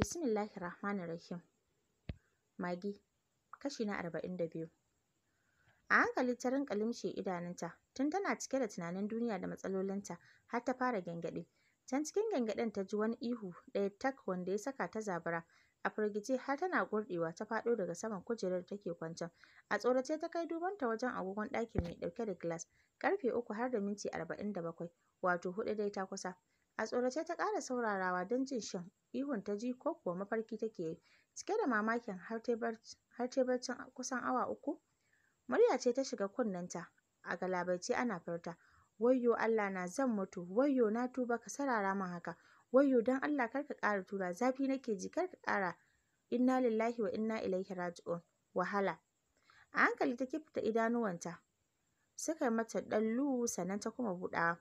Bismillahir Rahmanir Rahim. Magi, kashi na arba'in da biyu. A hankali ta rinƙa limshe idanunta, tun tana cike da tunanin duniya da matsalolinta, har ta fara gyangyaɗe. Can cikin gyangyaɗen ta ji wani ihu ɗaya tak wanda ya saka ta zabara. A firgice har tana gurɗewa ta faɗo daga saman kujerar da take kwancen. A tsorace ta kai dubanta wajen agogon ɗakin mai ɗauke da gilas. Ƙarfe uku har da minti arba'in da bakwai, wato huɗu dai ta kusa. A tsorace ta ƙara saurarawa don jin shin ihun ta ji ko kuwa mafarki take yi. Cike da mamakin har ta barcin kusan awa uku, murya ce ta shiga kunnenta a galabaice ana furta. Wayyo Allah na zan mutu, wayyo na tuba ka sarara min haka, wayyo don Allah kar ka ƙara tura, zafi nake ji kar ka ƙara. Inna lillahi wa inna ilaihi raji'un. Wahala. A hankali ta kifta idanuwanta suka mata ɗallu sannan ta kuma buɗawa.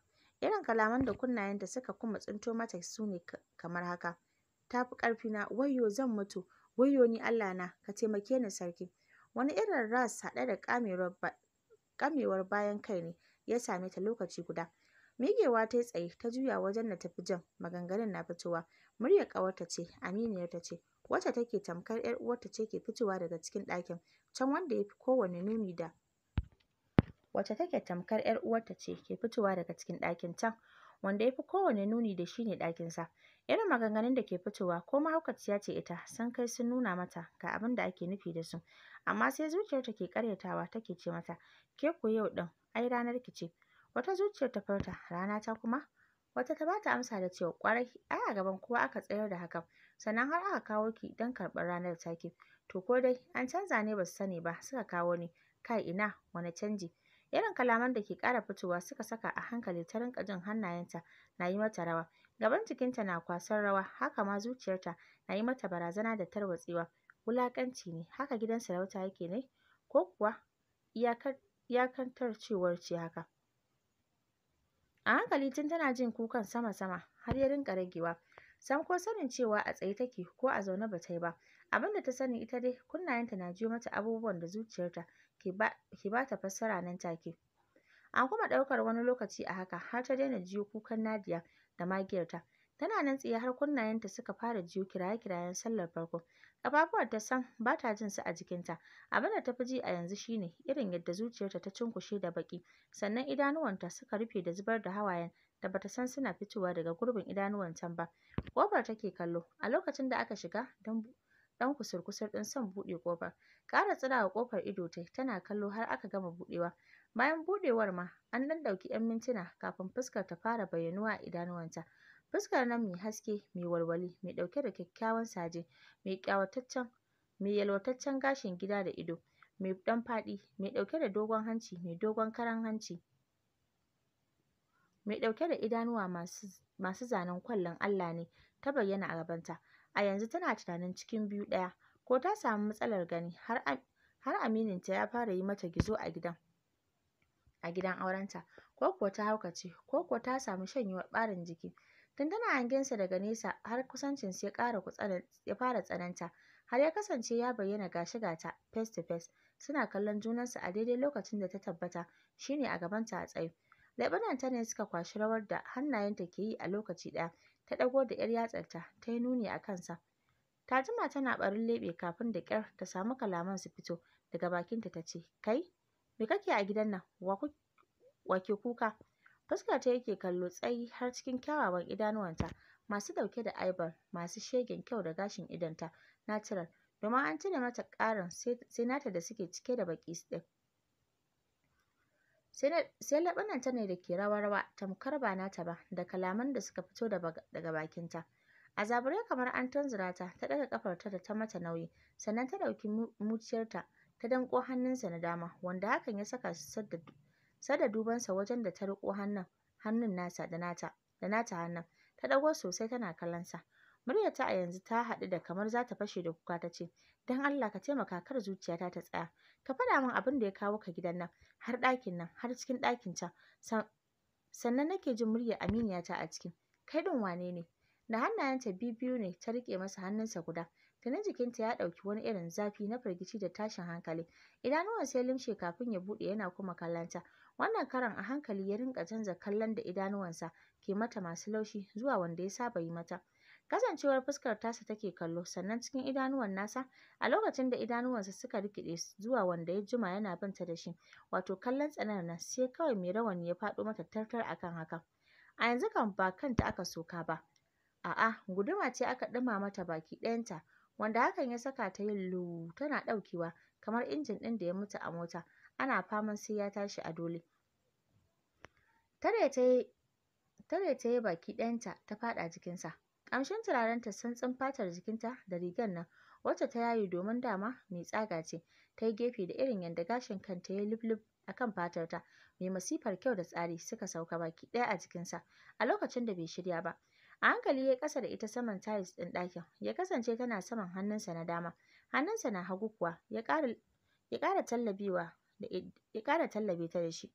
Irin kalaman da kunnayenta suka kuma tsinto mata su ne kamar haka: Ta fi ƙarfina, wayyo zan mutu, wayyo ni na, ka taimake ni sarki. Wani irin ras haɗe da ƙamewar bayan kai ne ya same ta lokaci guda. Miƙewa ta yi tsaye ta juya wajen da tafi jan maganganun na fitowa. Muryar ƙawarta ce, Aminiyar ta ce, wacce take tamkar ‘yar uwarta ce ke fitowa daga cikin ɗakin, can wanda ya fi kowanne nuni da wacce take tamkar ‘yar uwarta ce ke fitowa daga cikin ɗakin can, wanda ya fi kowanne nuni da shi ne ɗakinsa. Irin maganganun da ke fitowa ko mahaukaciya ce ita sun kai sun nuna mata ga abin da ake nufi da su, amma sai zuciyarta ke ƙaryatawa take ce mata, ke ku yau ɗin ai ranar ki ce. Wata zuciyar ta furta, rana ta kuma? Wata ta bata amsa da cewa ƙwarai ai a gaban kowa aka tsayar da hakan, sannan har aka kawo ki don karɓar ranar take. To ko dai an canza ne ba su sani ba suka kawo ni, kai ina wani canji. Irin kalaman da ke ƙara fitowa suka saka a hankali ta rinƙa jin hannayenta na yi mata rawa. Gaban jikinta na kwasar rawa, haka ma zuciyarta na yi mata barazana da tarwatsewa. Wulaƙanci ne, haka gidan sarauta yake ne? Ko kuwa iyakantar cewar ce haka? A hankali tun tana jin kukan sama-sama har ya rinƙa ragewa. Sam ko sanin cewa a tsaye take ko a zaune ba ta yi ba. Abin da ta sani ita dai kunnayenta na jiyo mata abubuwan da zuciyarta ki ba ta fassara nan take. An kuma ɗaukar wani lokaci a haka har ta daina jiyo kukan Nadiya da magiyarta. Tana nan tsaye har ta suka fara jiyo kiraye-kirayen sallar farko. Ƙafafuwarta sam ba ta jin su a jikinta. Abin da ta fi ji a yanzu shine irin yadda zuciyarta ta cunkushe da baƙi sannan idanuwanta suka rufe da zubar da hawayen da bata san suna fitowa daga gurbin idanuwantan ba. Ƙofar take kallo. A lokacin da aka shiga, dan ɗan kusur-kusur ɗin son buɗe ƙofar. ƙara tsirawa ƙofar ido tai tana kallo har aka gama buɗewa. Bayan buɗewar ma an ɗan ɗauki ‘yan mintuna kafin fuskar ta fara bayyanuwa a idanuwanta. Fuskar nan mai haske, mai walwali, mai ɗauke da kyakkyawan saje, mai ƙyawataccen mai yalwataccen gashin gida da ido, mai ɗan faɗi, mai ɗauke da dogon hanci, mai dogon karan hanci. Mai ɗauke da idanuwa masu masu zanen kwallon Allah ne ta bayyana a gabanta. A yanzu tana tunanin cikin biyu ɗaya ko ta samu matsalar gani har amininta ya fara yi mata gizo a gidan a gidan aurenta ko kuwa ta haukace ko kuwa ta samu shanyewar ɓarin jiki tun tana hangensa daga nesa har kusancin ya ƙara ya fara tsananta har ya kasance ya bayyana gashi gata face to face suna kallon junansu a daidai lokacin da ta tabbata shine a gabanta a tsaye ta ne suka kwashi rawar da hannayen ta ke yi a lokaci ɗaya ta ɗago da 'yar yatsarta ta yi nuni a kansa Ta jima tana ɓarin leɓe kafin da kyar ta samu kalaman su fito daga bakinta ta ce, Kai, me kake a gidan nan? Wa ke kuka? Fuskar ta yake kallo tsayi har cikin kyawawan idanuwanta masu ɗauke da aibar masu shegen kyau da gashin idanta natural domin an cire mata ƙarin sai nata da suke cike da baƙi ɗin. Sai ta ne da ke rawa-rawa tamkar ba nata ba da kalaman da suka fito daga bakinta. A zaburai kamar an tunzura ta, ta ɗaga ƙafarta da ta mata nauyi, sannan ta ɗauki muciyarta ta danƙo hannunsa na dama, wanda hakan ya saka su sada dubansa wajen da ta riƙo hannun hannun nasa da nata da nata hannun. Ta ɗago sosai tana kallon sa. Muryarta a yanzu ta haɗu da kamar za ta fashe da kuka ta ce, Don Allah ka taimaka kar zuciyata ta tsaya. Ka faɗa min abin da ya kawo ka gidan nan, har ɗakin nan, har cikin ɗakin can. Sannan nake jin muryar aminiyata a ciki. Kai ɗin wane ne? da hannayenta biyu ne ta riƙe masa hannunsa guda tuni jikinta ya ɗauki wani irin zafi na firgici da tashin hankali idanuwan sai limshe kafin ya buɗe yana kuma kallonta wannan karan a hankali ya rinƙa canza kallon da idanuwansa ke mata masu laushi zuwa wanda ya saba yi mata kasancewar fuskar tasa take kallo sannan cikin idanuwan nasa a lokacin da idanuwansa suka rikide zuwa wanda ya jima yana binta da shi wato kallon tsanar nan sai kawai mai rawani ya faɗo mata tartar akan haka a yanzu kan ba kanta aka soka ba A'a, guduma ce aka ɗuma mata baki ɗayanta, wanda hakan ya saka ta yin luuu tana ɗaukewa, kamar injin ɗin da ya mutu a mota, ana faman sai ya tashi a dole. Tare ta yi baki ɗayanta ta faɗa jikinsa. Ƙamshin turarenta, santsin fatar jikinta da rigar nan, wacce ta yaye domin dama mai tsaga ce, ta yi gefe da irin yadda gashin kanta ya yi lub-lub a kan fatarta, mai masifar kyau da tsari, suka sauka baki ɗaya a jikinsa, a lokacin da bai shirya ba. A hankali ya yi ƙasa da ita saman tiles ɗin ɗakin, ya kasance tana saman hannunsa na dama, hannunsa na hagu kuwa ya ƙara ya ƙara tallabewa da ya ƙara tallabe ta da shi.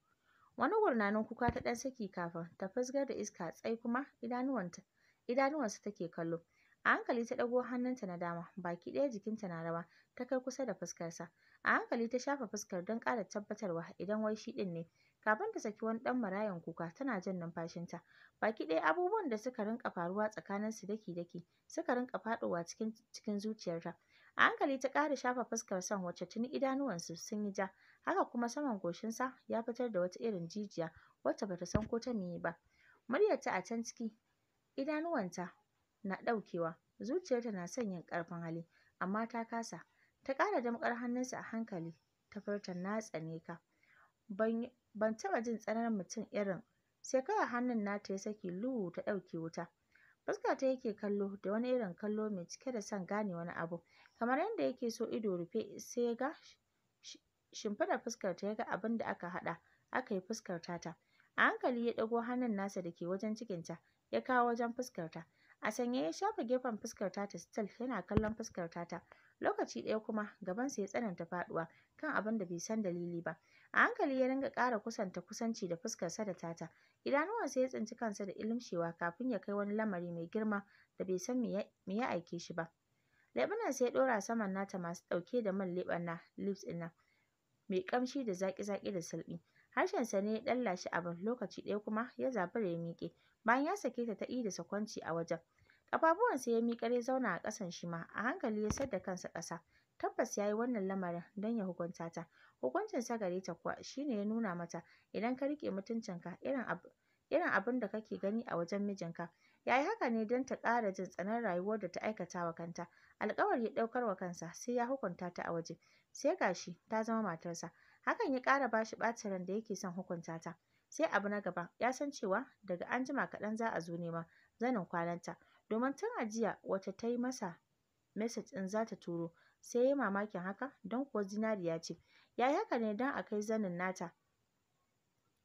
Wani gurnanin kuka ta ɗan saki kafin ta fusgar da iska tsai kuma idanuwanta idanuwansa take kallo. A hankali ta ɗago hannunta na dama, baki ɗaya jikinta na rawa, ta kai kusa da fuskarsa. A hankali ta shafa fuskar don ƙara tabbatarwa idan wai shi ɗin ne. kafin ta saki wani ɗan marayan kuka tana jan numfashinta. Baki ɗaya abubuwan da suka rinka faruwa tsakaninsu daki-daki suka rinka faɗowa cikin cikin zuciyarta. A hankali ta ƙara shafa fuskar son wacce tuni idanuwansu sun yi ja, haka kuma saman goshinsa ya fitar da wata irin jijiya wacce bata san ko ta meye ba. Muryarta a can ciki, idanuwanta na ɗaukewa, zuciyarta na son yin ƙarfin hali, amma ta kasa. Ta ƙara damƙar hannunsa a hankali ta furta na tsane ka. Ban taɓa jin tsananin mutum irin sai kawai hannun nata ya saki luhu ta ɗauke wuta. Fuskarta yake kallo da wani irin kallo mai cike da son gane wani abu. kamar yadda yake so ido rufe sai ya ga shimfiɗar fuskarta ya ga abin da aka haɗa aka yi fuskar tata. A hankali ya ɗago hannun nasa da ke wajen cikinta ya kawo wajen fuskarta. a sanye ya shafa gefen fuskar tata still yana kallon fuskar tata lokaci ɗaya kuma gabansa ya tsananta faɗuwa kan abin da bai san dalili ba a hankali ya ringa ƙara kusanta kusanci da fuskar sa da tata idanuwansa ya tsinci kansa da ilimshewa kafin ya kai wani lamari mai girma da bai san me ya aike shi ba sai ya ɗora saman nata masu ɗauke da man leɓen na lips ɗin nan mai ƙamshi da zaƙi-zaƙi da Harshen sa ne ya ɗalla shi abin lokaci ɗaya kuma ya zabura ya miƙe bayan ya sake ta ta da sakwanci a wajen sai ya miƙar ya zauna a ƙasan shi ma, a hankali ya sayar da kansa ƙasa. Tabbas ya yi wannan lamarin don ya hukunta ta. Hukuncin sa gare ta kuwa shi ne ya nuna mata idan ka riƙe mutuncinka irin abun da kake gani a wajen mijinka. Ya yi haka ne don ta ƙara jin tsanar rayuwar da ta aikata wa kanta. Alƙawari ya ɗaukar wa kansa sai ya hukunta ta a waje. Sai ga shi ta zama matarsa. Hakan ya ƙara ba shi ɓacin ran da yake son hukunta ta. Sai abu na gaba, ya san cewa daga anjima kaɗan za a zo neman zanin kwananta. domin tun a jiya wata ta yi masa message ɗin za ta turo, sai ya yi mamakin haka don kuwa zinariya ce. Ya yi haka ne don a kai zanin nata,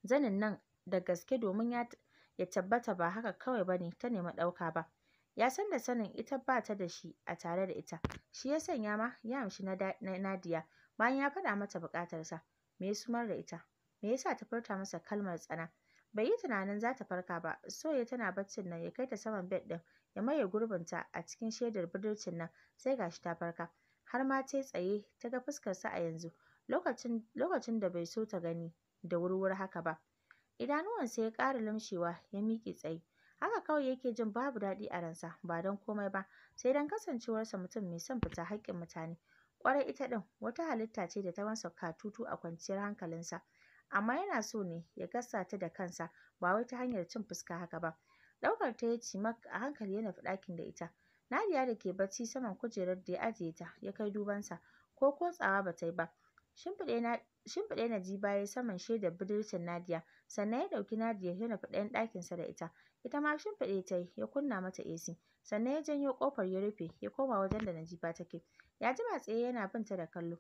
zanin nan da gaske domin ya ya tabbata ba haka kawai ba ne ta nemi ɗauka ba. Ya san da sanin ita ba ta da shi a tare da ita, shi ya sanya ma ya amshi na Nadiya bayan ya faɗa mata sa, Me ya sumar da ita? Me ya sa ta furta masa kalmar tsana? Bai yi tunanin za ta farka ba, so ya tana baccin nan ya kai ta saman bed ɗin ya maye gurbinta a cikin shedar budurcin nan sai gashi ta farka, har ma tai tsaye ta ga fuskar sa a yanzu, lokacin da bai so ta gani da wurwuri haka ba. Idanuwansa ya ƙara lumshewa ya miƙe tsaye. Haka kawai yake jin babu daɗi a ransa ba don komai ba sai don kasancewarsa mutum mai son fita haƙƙin mutane. Ƙwarai ita ɗin wata halitta ce da ta masa katutu a kwanciyar hankalinsa, amma yana so ne ya gasa ta da kansa ba wai ta hanyar cin fuska haka ba. Ɗaukar ta ya cimak a hankali ya nafi ɗakin da ita. Nadiya da ke bacci saman kujerar da ya ajiye ta ya kai dubansa, ko kotsawa ba ta yi ba. Shimfiɗe Najiba ya yi saman shedar budurcin Nadiya, sannan ya ɗauki Nadiya ya nufi ɗayan sa da ita. Ita ma shimfiɗe ta yi, ya kunna mata AC, sannan ya janyo ƙofar ya rufe ya koma wajen da Najiba take. Ya jima tsaye yana bin ta da kallo.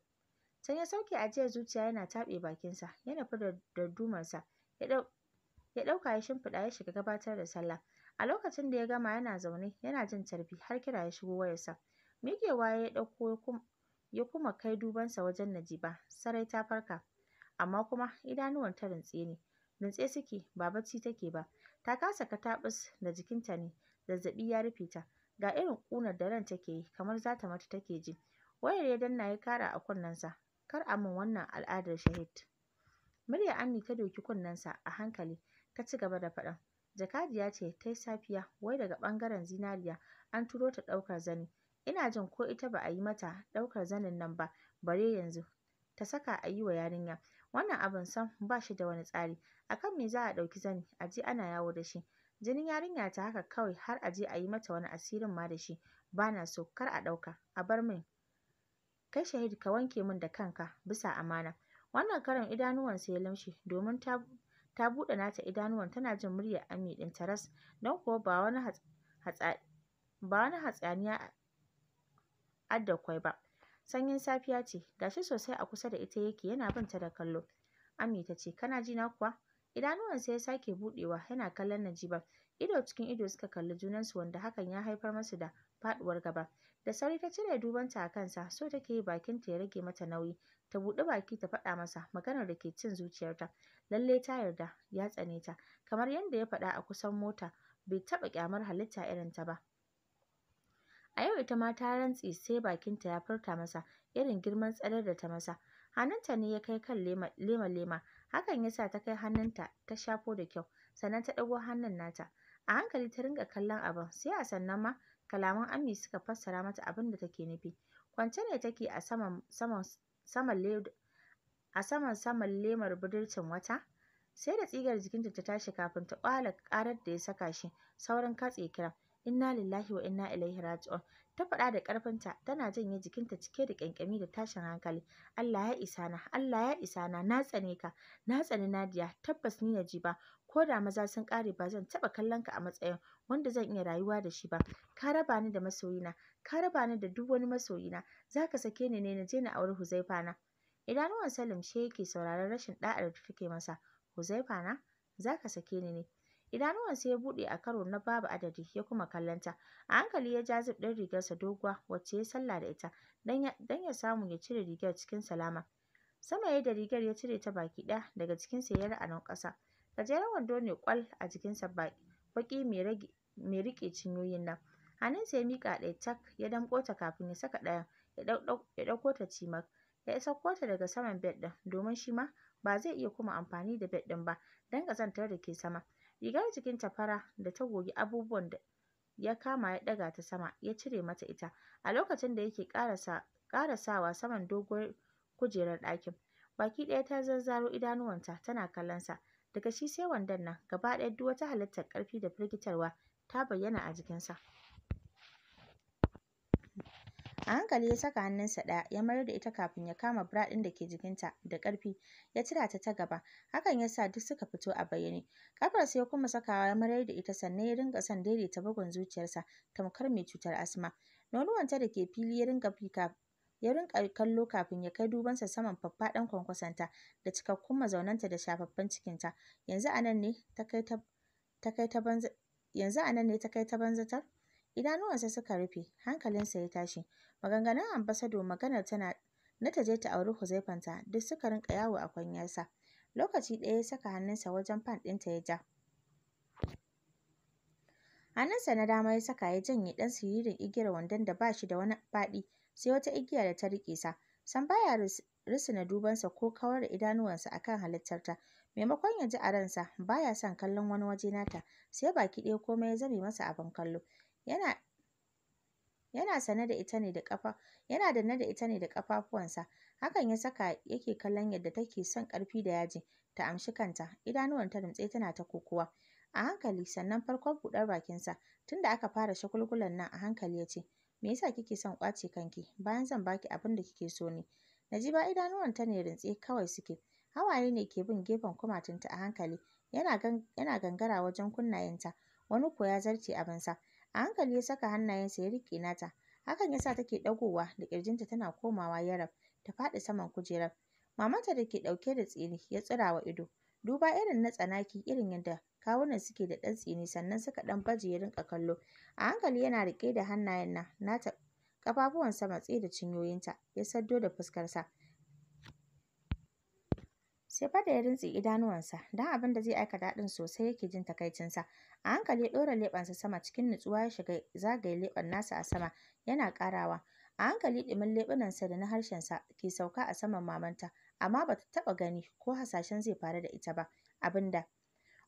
Can ya sauke ajiyar zuciya yana taɓe bakinsa, ya nufi da sa ya ya ɗauka ya shimfiɗa ya shiga gabatar da sallah a lokacin da ya gama yana zaune yana jin tarbi har kira ya shigo wayarsa miƙewa ya ɗauko ya kuma kai dubansa wajen Najiba sarai ta farka amma kuma idanuwan ta rintse ne rintse suke ba bacci take ba ta kasa kataɓus da jikinta ne zazzaɓi ya rufe ta ga irin ƙunar da ran take yi kamar za ta mutu take ji wayar ya danna ya kara a kunnensa kar a min wannan al'adar shahid murya Ami ta doki kunnensa a hankali ta ci gaba da faɗan. Jakadiya ce tai safiya, wai daga ɓangaren zinariya an turo ta ɗaukar zani. Ina jin ko ita ba a yi mata ɗaukar zanin nan ba, bare yanzu ta saka a yi wa yarinya. Wannan abin san ba shi da wani tsari. A kan me za a ɗauki zani a je ana yawo da shi? Jinin yarinya ta haka kawai har a je a yi mata wani asirin ma da shi. Ba na so, kar a ɗauka, a bar min. Kai shahid ka wanke min da kanka bisa amana. Wannan karon idanuwansa ya lumshe domin ta ta buɗe nata idanuwan tana jin muryar Ami ɗin taras don kuwa ba wani hatsa ba wani hatsaniya adda kwai ba sanyin safiya ce gashi sosai a kusa da ita yake yana banta da kallo Ami ta ce kana ji na kuwa idanuwan sai ya sake buɗewa yana kallon Najiba ido cikin ido suka kalli junansu wanda hakan ya haifar musu da faɗuwar gaba da sauri ta cire dubanta a kansa so take yi bakinta ya rage mata nauyi ta buɗi baki ta faɗa masa maganar da ke cin zuciyarta Lallai ta yarda ya tsane ta kamar yadda ya faɗa a kusan mota bai taɓa ƙyamar halitta irin ta ba a yau ita ma ta rantse sai bakinta ya furta masa irin girman tsanar da ta masa hannunta ne ya kai kan lema-lema hakan yasa ta kai hannunta ta shafo da kyau sannan ta ɗago hannun nata a hankali ta ringa kallon abin sai a sannan ma kalaman Ami suka fassara mata abin da take nufi kwance ne take a saman saman A saman saman lemar budurcin wata, sai da tsigar jikinta ta tashi kafin ta ƙwala ƙarar da ya saka shi saurin katse kiran. inna lillahi wa inna ilaihi raji'un ta faɗa da ƙarfinta tana janye jikinta cike da ƙyanƙyami da tashin hankali Allah ya isa na Allah ya isa na na tsane ka na tsani Nadiya tabbas ni na ji ba ko da maza sun ƙare ba zan taɓa kallon ka a matsayin wanda zan iya rayuwa da shi ba ka raba ni da masoyina ka raba ni da duk wani masoyina zaka sake ni ne na je na auri Huzaifa na idanuwan Salim shi yake sauraron rashin da'ar da take masa Huzaifa na zaka sake ni ne sa ya buɗe a karo na babu adadi ya kuma kallonta. A hankali ya ja zip ɗin sa doguwa wacce ya sallah da ita don ya samu ya cire rigar cikin salama. Sama ya da rigar ya cire ta baki ɗaya daga sa ya ra'anon ƙasa. Gajeren wando ne ƙwal a jikinsa baƙi mai rike cinyoyin nan. Hannunsa ya miƙa ɗaya tak ya damƙo ta kafin ya saka ɗayan ya ɗauko ta cimak. Ya sauko ta daga saman bed ɗin domin shi ma ba zai iya kuma amfani da bed ɗin ba dan ƙazantar da ke sama. Rigar jikinta fara da ta gogi abubuwan da ya kama ya ɗaga ta sama ya cire mata ita a lokacin da yake ƙarasawa saman dogon kujerar ɗakin. Baki ɗaya ta zazzaro idanuwanta tana kallonsa. Daga shi sai wandon nan, gaba ɗaya duk wata halittar ƙarfi da firgitarwa ta bayyana a jikinsa. A hankali ya saka hannunsa ɗaya ya mayar da ita kafin ya kama bra ɗin da ke jikinta da ƙarfi ya cira ta ta gaba. Hakan ya sa duk suka fito a bayyane. Ƙafarsa ya kuma sakawa ya mayar da ita sannan ya dinga son daidaita bugun zuciyarsa tamkar mai cutar asma. Nonuwanta da ke fili ya dinga ya rinƙa kallo kafin ya kai dubansa saman faffaɗan kwankwasonta da cikakkun mazaunanta da shafaffen cikinta. Yanzu a nan ne ta kai ta banza yanzu a nan ne ta kai ta banzatar Idanuwansa suka rufe, hankalinsa ya tashi. Maganganun ambasado maganar tana na ta je ta auri Huzaifanta duk suka rinƙa yawo a kwanyarsa. Lokaci ɗaya ya saka hannunsa wajen fan ɗinta ya ja. Hannunsa na dama ya saka ya janye ɗan siririn igiyar wandon da ba shi da wani faɗi sai wata igiya da ta riƙe sa. Sam baya risina dubansa ko kawar da idanuwansa akan halittarta. Maimakon ya ji a ransa ba ya son kallon wani waje nata, sai baki ɗaya komai ya zame masa abin kallo. yana yana sane da ita ne da ƙafa yana danne da ita ne da ƙafafuwansa hakan ya saka yake kallon yadda take son ƙarfi da yaji ta amshi kanta idanuwanta rumtse tana ta kokowa a hankali sannan farkon buɗar bakinsa tunda aka fara shagulgulan nan a hankali ya ce me yasa kike son kwace kanki bayan zan baki abin da kike so ne Najiba idanuwanta ne rintse kawai suke hawaye ne ke bin gefen kumatunta a hankali yana gangara wajen kunnayenta wani ko ya zarce abinsa A hankali ya saka hannayensa ya riƙe nata. Hakan ya sa take ɗagowa da ƙirjinta tana komawa yaraf ta faɗi saman kujerar. Mamanta da ke ɗauke da tsini ya tsirawa ido. Duba irin na tsanaki irin yadda kawunan suke da ɗan tsini sannan suka ɗan baje ya rinƙa kallo. A hankali yana riƙe da hannayen nan nata ƙafafuwansa matse da cinyoyinta ya saddo da fuskarsa. sai fada ya rintsi idanuwansa don abin da zai aika daɗin sosai yake jin takaicinsa a hankali ya ɗora leɓensa sama cikin nutsuwa ya shiga zagaye leɓen nasa a sama yana ƙarawa a hankali ɗimin leɓunansa da na harshensa ke sauka a saman mamanta amma ba ta taɓa gani ko hasashen zai faru da ita ba abinda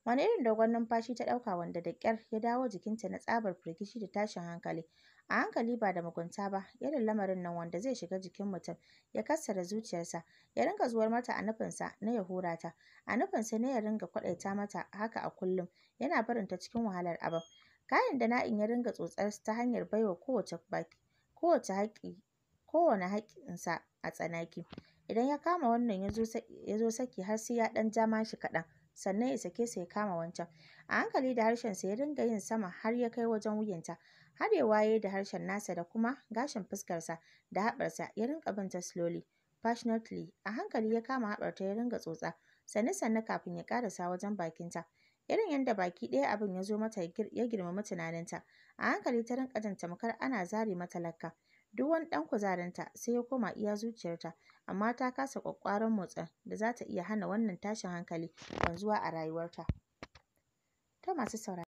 Wani irin dogon numfashi ta ɗauka wanda da ƙyar ya dawo jikinta na tsabar firgici da tashin hankali. A hankali ba da mugunta ba, irin lamarin nan wanda zai shiga jikin mutum ya kassara zuciyarsa, ya ringa zuwar mata a nufinsa na ya hura ta, a nufinsa na ya ringa kwaɗaita mata haka a kullum yana barinta cikin wahalar abin. Kayan da na'in ya ringa tsotsar ta hanyar baiwa kowace baki kowace haƙƙi kowane haƙƙinsa a tsanaki. Idan ya kama wannan ya zo saki har sai ya ɗan ja shi kaɗan. sannan ya sake sa ya kama wancan. A hankali da harshen sa ya dinga yin sama har ya kai wajen wuyanta. Har ya waye da harshen nasa da kuma gashin fuskarsa da haɓarsa ya rinka binta slowly, passionately. A hankali ya kama haɓarta ya ringa tsotsa, sanne-sanne kafin ya karasa wajen bakin ta Irin yadda baki ɗaya abin ya zo mata ya girmama tunaninta. A hankali ta rinka jin tamkar ana zare mata lakka. Duk wani ɗan kuzarinta sai ya koma iya zuciyarta, amma ta kasa ƙwaƙƙwaran motsin da za ta iya hana wannan tashin hankali wanzuwa a rayuwarta. Ta masu saurari.